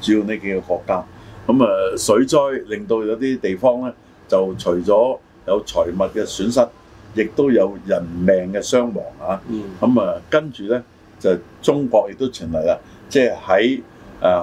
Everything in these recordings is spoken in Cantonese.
主要呢幾個國家，咁啊水災令到有啲地方呢，就除咗有財物嘅損失，亦都有人命嘅傷亡啊。咁、嗯、啊，跟住呢，就中國亦都傳嚟啦，即係喺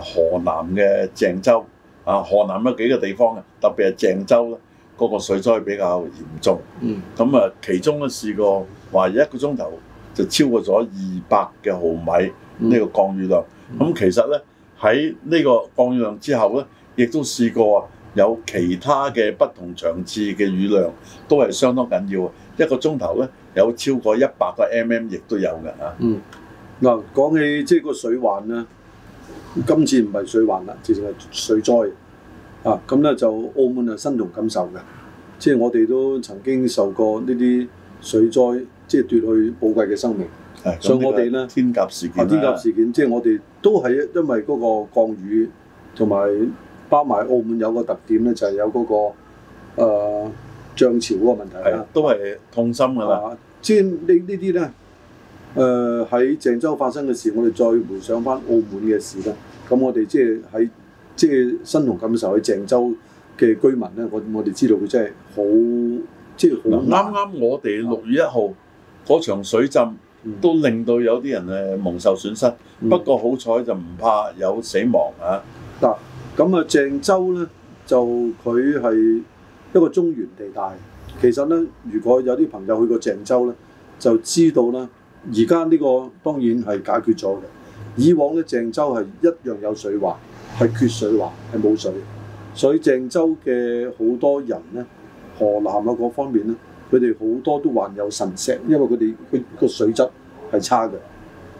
河南嘅鄭州啊，河南咁啊幾個地方嘅，特別係鄭州咧，嗰個水災比較嚴重。咁、嗯、啊，其中咧試過話一個鐘頭就超過咗二百嘅毫米呢個降雨量。咁其實呢。嗯嗯喺呢個降雨量之後呢，亦都試過有其他嘅不同場次嘅雨量，都係相當緊要的。一個鐘頭呢，有超過一百個 mm，亦都有㗎嚇。嗯，嗱，講起即係個水患呢，今次唔係水患啦，直情係水災啊！咁呢，就澳門係身同感受㗎，即係我哋都曾經受過呢啲水災，即係奪去寶貴嘅生命。嗯、所以我哋咧天鴿事，事件，天鴿事件即係我哋都係因為嗰個降雨，同埋包埋澳門有個特點咧，就係、是、有嗰、那個誒、呃、漲潮嗰個問題啦。都係痛心㗎嘛！即、啊、係、就是、呢呢啲咧，誒喺鄭州發生嘅事，我哋再回想翻澳門嘅事咧，咁我哋即係喺即係身同感受喺鄭州嘅居民咧，我我哋知道佢真係好即係好啱啱。就是、剛剛我哋六月一號嗰場水浸。都令到有啲人蒙受損失，嗯、不過好彩就唔怕有死亡啊！嗱，咁啊鄭州呢，就佢係一個中原地帶，其實呢，如果有啲朋友去過鄭州呢，就知道啦。而家呢個當然係解決咗嘅，以往呢，鄭州係一樣有水患，係缺水患，係冇水，所以鄭州嘅好多人呢，河南啊嗰方面呢。佢哋好多都患有腎石，因為佢哋個個水質係差嘅。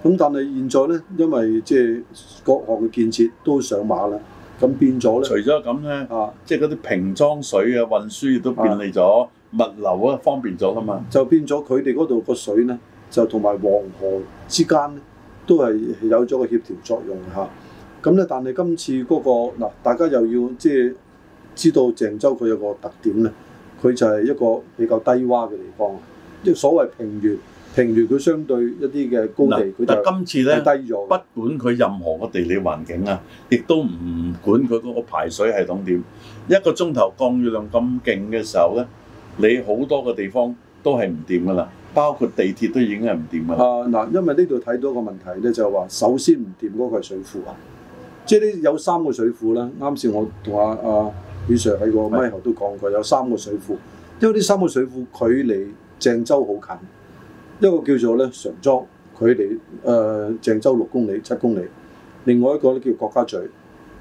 咁但係現在呢，因為即係各項嘅建設都上馬啦，咁變咗呢。除咗咁呢，啊，即係嗰啲瓶裝水啊，運輸亦都便利咗，啊，物流啊方便咗啦嘛。就變咗佢哋嗰度個水呢，就同埋黃河之間咧，都係有咗個協調作用嚇。咁呢，但係今次嗰、嗰個嗱，大家又要即係知道鄭州佢有個特點咧。佢就係一個比較低窪嘅地方，即所謂平原。平原佢相對一啲嘅高地，佢就低咗。不管佢任何個地理環境啊，亦都唔管佢嗰個排水系統點。一個鐘頭降雨量咁勁嘅時候咧，你好多個地方都係唔掂噶啦，包括地鐵都已經係唔掂噶啦。啊嗱，因為呢度睇到個問題咧，就係話首先唔掂嗰個係水庫啊，即係有三個水庫啦。啱先我同阿阿。啊以上喺個咪頭都講過，有三個水庫，因為呢三個水庫距離鄭州好近，一個叫做咧常莊，距離誒鄭州六公里、七公里，另外一個咧叫國家嘴，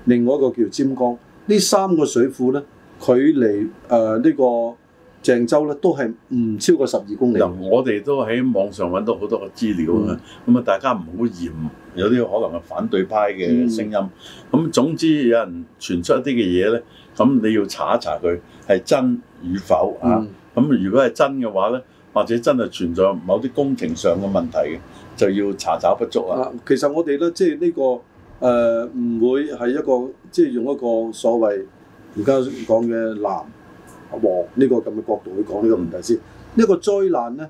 另外一個叫尖江，呢三個水庫咧距離誒呢個。鄭州咧都係唔超過十二公里。嗱、嗯，我哋都喺網上揾到好多個資料啊。咁、嗯、啊，大家唔好嫌有啲可能係反對派嘅聲音。咁、嗯、總之有人傳出一啲嘅嘢咧，咁你要查一查佢係真與否、嗯、啊。咁如果係真嘅話咧，或者真係存在某啲工程上嘅問題嘅，就要查找不足啦、啊。其實我哋咧，即係呢個誒唔、呃、會係一個即係、就是、用一個所謂而家講嘅難。呢、這個咁嘅角度去講呢個問題先，呢、嗯這個災難咧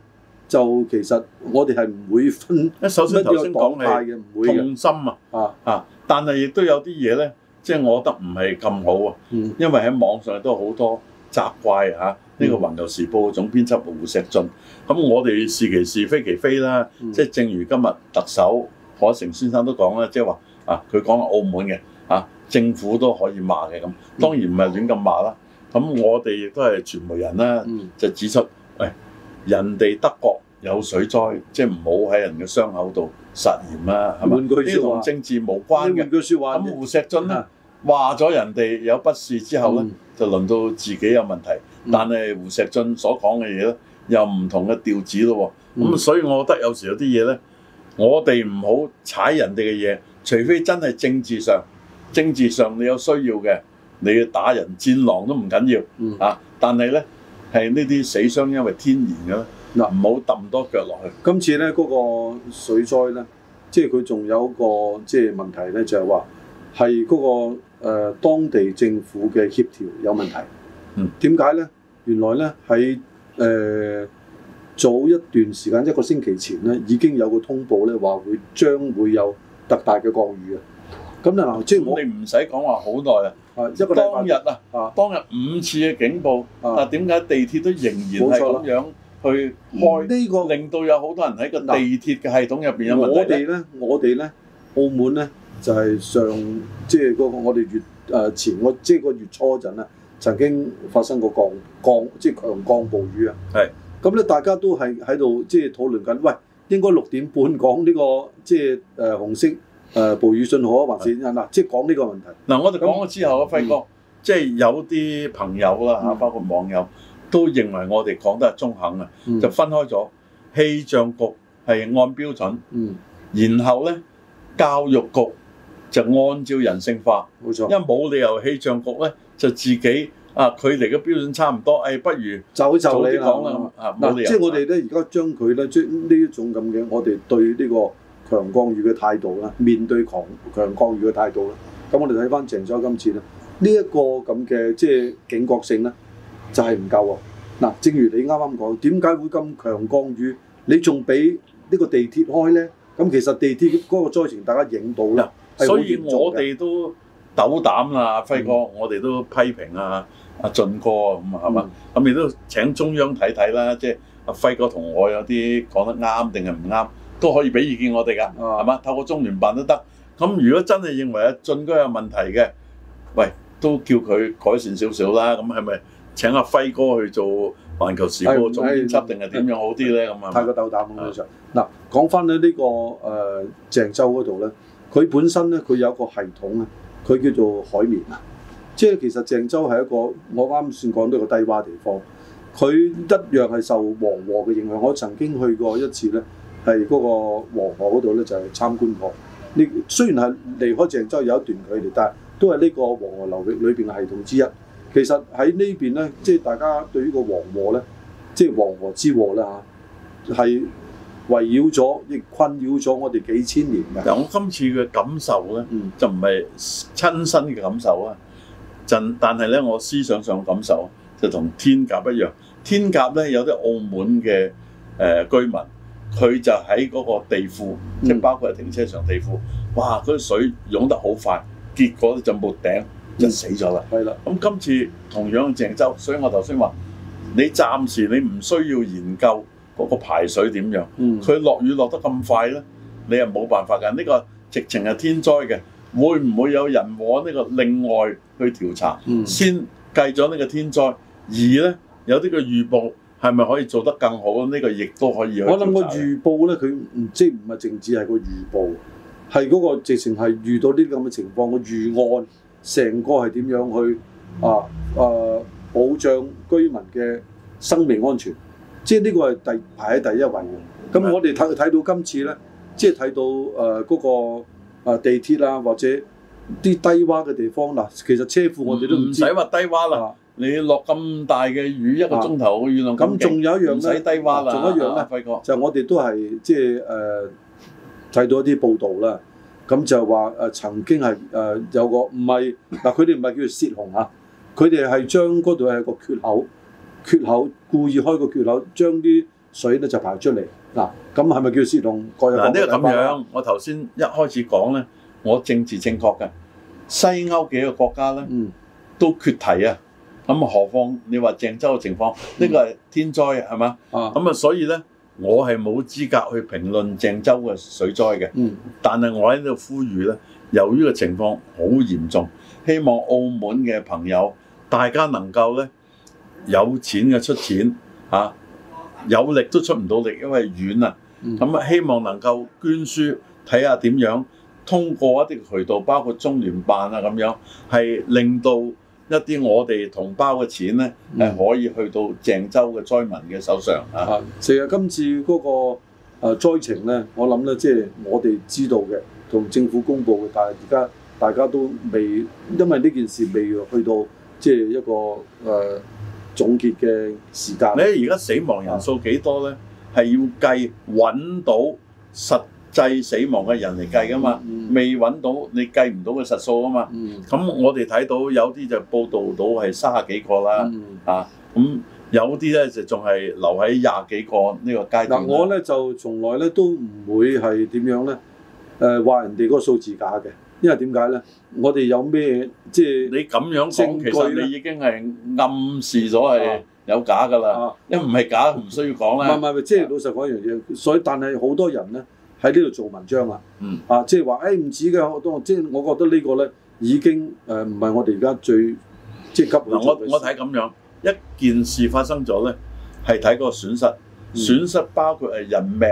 就其實我哋係唔會分咩先黨派嘅，唔會嘅。痛心啊！啊，啊但係亦都有啲嘢咧，即、就、係、是、我覺得唔係咁好啊。嗯、因為喺網上都好多責怪嚇、啊、呢、嗯這個《環球時報》總總編輯胡錫進。咁我哋是其是非其非啦。即、嗯、係、就是、正如今日特首賀一誠先生都講啦，即係話啊，佢、就是啊、講澳門嘅啊政府都可以罵嘅咁，當然唔係亂咁罵啦。嗯嗯。咁我哋亦都係傳媒人啦、啊，就指出，誒、哎，人哋德國有水災，即係唔好喺人嘅傷口度撒鹽啦、啊，係嘛？呢同政治無關嘅句說話。咁胡錫進咧話咗人哋有不是之後咧，就輪到自己有問題。嗯、但係胡錫進所講嘅嘢咧，又唔同嘅調子咯喎、啊。咁、嗯、所以我覺得有時候有啲嘢咧，我哋唔好踩人哋嘅嘢，除非真係政治上，政治上你有需要嘅。你嘅打人戰狼都唔緊要、嗯、啊！但係咧係呢啲死傷因為天然嘅啦，嗱唔好揼多腳落去。今次咧嗰個水災咧，即係佢仲有一個即係問題咧，就係話係嗰個誒、呃、當地政府嘅協調有問題。點解咧？原來咧喺誒早一段時間一個星期前咧已經有個通報咧話會將會有特大嘅降雨嘅。咁嗱，即係我哋唔使講話好耐啊。一個拜當日啊，當日五次嘅警報，啊點解地鐵都仍然係咁樣去開？呢個令到有好多人喺個地鐵嘅系統入邊有問我哋咧，我哋咧，澳門咧就係、是、上即係、就是那個我哋月誒、呃、前，我即係、就是、個月初嗰陣啊，曾經發生過降降即係、就是、強降暴雨啊。係咁咧，大家都係喺度即係討論緊，喂，應該六點半講呢、這個即係誒紅色。誒、呃、暴雨訊號啊，還是嗱，即係講呢個問題。嗱，我哋講咗之後，輝、嗯、哥即係有啲朋友啦嚇、嗯，包括網友都認為我哋講得係中肯嘅、嗯，就分開咗氣象局係按標準，嗯、然後咧教育局就按照人性化。冇錯，因為冇理由氣象局咧就自己啊距離嘅標準差唔多，誒、哎、不如就就你講啦咁啊！冇理由。即係我哋咧而家將佢咧將呢一種咁嘅，我哋對呢、這個。強降雨嘅態度啦，面對強強降雨嘅態度啦，咁我哋睇翻鄭州今次啦，這個、這呢一個咁嘅即係警覺性咧，就係唔夠啊！嗱，正如你啱啱講，點解會咁強降雨？你仲俾呢個地鐵開咧？咁其實地鐵嗰個災情，大家影到咧，係好嚴重嘅。所以我哋都斗膽啦，輝哥，嗯、我哋都批評啊，阿俊哥咁啊，係嘛？咁、嗯、亦都請中央睇睇啦，即係阿輝哥同我有啲講得啱定係唔啱？都可以俾意見我哋噶，係、啊、嘛？透過中聯辦都得。咁如果真係認為阿進哥有問題嘅，喂，都叫佢改善少少啦。咁係咪請阿輝哥去做環球時報總編輯定係點樣好啲咧？咁啊，太過斗膽啦！嗱、啊，講翻咧呢個誒鄭、呃、州嗰度咧，佢本身咧佢有一個系統啊，佢叫做海綿啊。即係其實鄭州係一個我啱先講到個低洼地方，佢一樣係受黃河嘅影響。我曾經去過一次咧。係嗰、那個黃河嗰度咧，就係、是、參觀過。呢雖然係離開鄭州有一段距離，但係都係呢個黃河流域裏面嘅系統之一。其實喺呢邊咧，即、就、係、是、大家對於個黃河咧，即、就、係、是、黃河之禍啦吓，係圍繞咗亦困擾咗我哋幾千年嘅。嗱，我今次嘅感受咧，就唔係親身嘅感受啊，但係咧，我思想上嘅感受就同天鴿一樣。天鴿咧，有啲澳門嘅誒、呃、居民，佢就喺嗰個地庫，即、嗯、包括係停車場地庫，哇！嗰啲水湧得好快，結果就冇頂、嗯，就死咗啦。係啦。咁今次同樣鄭州，所以我頭先話，你暫時你唔需要研究嗰個排水點樣。佢、嗯、落雨落得咁快呢？你又冇辦法㗎。呢、這個直情係天災嘅，會唔會有人往呢個另外去調查？嗯、先計咗呢個天災，而呢，有啲嘅預報。係咪可以做得更好？呢個亦都可以。我諗個預報咧，佢唔即係唔係淨止係個預報，係嗰個直情係遇到呢啲咁嘅情況個預案，成個係點樣去啊啊保障居民嘅生命安全？即係呢個係第排喺第一位嘅。咁我哋睇睇到今次咧，即係睇到誒嗰個啊地鐵啊，或者啲低窪嘅地方嗱，其實車庫我哋都唔使話低窪啦。你落咁大嘅雨一個鐘頭、啊，雨量咁勁，咁仲有一樣咧低窪啦，仲一樣咧、啊、就是、我哋都係即係誒睇到一啲報導啦，咁、啊啊、就話曾經係誒、呃嗯、有個唔係嗱，佢哋唔係叫做泄洪啊，佢哋係將嗰度係個缺口，缺口故意開個缺口，將啲水咧就排出嚟嗱，咁係咪叫泄洪？嗱呢個咁樣，我頭先一開始講咧，我政治正確嘅西歐幾個國家咧、嗯、都缺堤啊。咁何況你話鄭州嘅情況，呢個係天災係嘛？咁啊，所以呢，我係冇資格去評論鄭州嘅水災嘅。嗯，但係我喺度呼籲咧，由於個情況好嚴重，希望澳門嘅朋友大家能夠呢，有錢嘅出錢嚇、啊，有力都出唔到力，因為遠啊。咁、嗯、啊，希望能夠捐輸，睇下點樣通過一啲渠道，包括中聯辦啊咁樣，係令到。一啲我哋同胞嘅錢咧，係、嗯、可以去到鄭州嘅災民嘅手上啊、嗯！其實今次嗰個誒災情咧，我諗咧即係我哋知道嘅，同政府公布嘅，但係而家大家都未，因為呢件事未去到即係、就是、一個誒、呃、總結嘅時間。你而家死亡人數幾多咧？係、嗯、要計揾到實。制死亡嘅人嚟計㗎嘛，嗯嗯、未揾到你計唔到嘅實數啊嘛。咁、嗯、我哋睇到有啲就報道到係三十幾個啦，嗯、啊咁有啲咧就仲係留喺廿幾個呢個階段。嗱、啊、我咧就從來咧都唔會係點樣咧，誒、呃、話人哋嗰個數字假嘅，因為點解咧？我哋有咩即係你咁樣講，其實你已經係暗示咗係有假㗎啦。因為唔係假唔需要講啦。唔係唔係，即係老實講一樣嘢，所以但係好多人咧。喺呢度做文章啦、嗯，啊，即係話，誒、哎、唔止嘅，我都即係我覺得呢個咧已經誒唔係我哋而家最即係急。我我睇咁樣，一件事發生咗咧，係睇個損失，損失包括係人命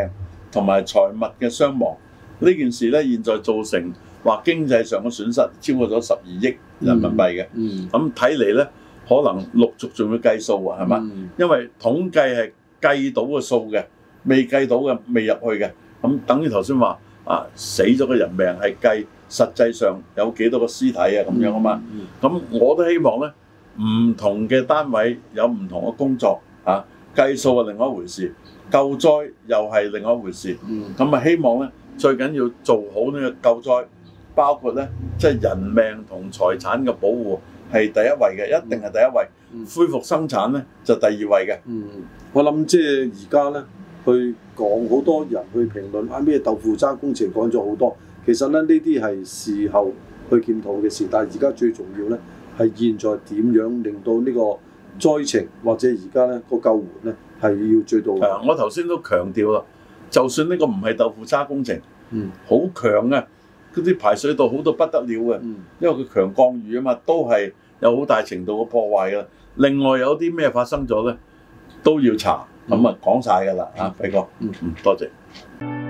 同埋財物嘅傷亡。呢、嗯、件事咧現在造成話經濟上嘅損失超過咗十二億人民幣嘅，咁睇嚟咧可能陸續仲要計數啊，係嘛、嗯？因為統計係計到個數嘅，未計到嘅未入去嘅。咁等於頭先話啊，死咗嘅人命係計實際上有幾多個屍體啊咁樣啊嘛。咁、mm -hmm. 我都希望呢，唔同嘅單位有唔同嘅工作啊，計數係另外一回事，救災又係另外一回事。咁啊，希望呢，最緊要做好呢個救災，包括呢，即係人命同財產嘅保護係第一位嘅，一定係第一位。Mm -hmm. 恢復生產呢，就第二位嘅。Mm -hmm. 我諗即係而家呢。去講好多人去評論啊咩豆腐渣工程講咗好多，其實咧呢啲係事後去檢討嘅事，但係而家最重要呢係現在點樣令到呢個災情或者而家呢個救援呢係要做到。我頭先都強調啦，就算呢個唔係豆腐渣工程，嗯，好強啊，嗰啲排水道好到不得了嘅，嗯，因為佢強降雨啊嘛，都係有好大程度嘅破壞嘅。另外有啲咩發生咗呢，都要查。咁、嗯、啊，講晒㗎啦，啊、嗯，輝哥，嗯嗯，多謝。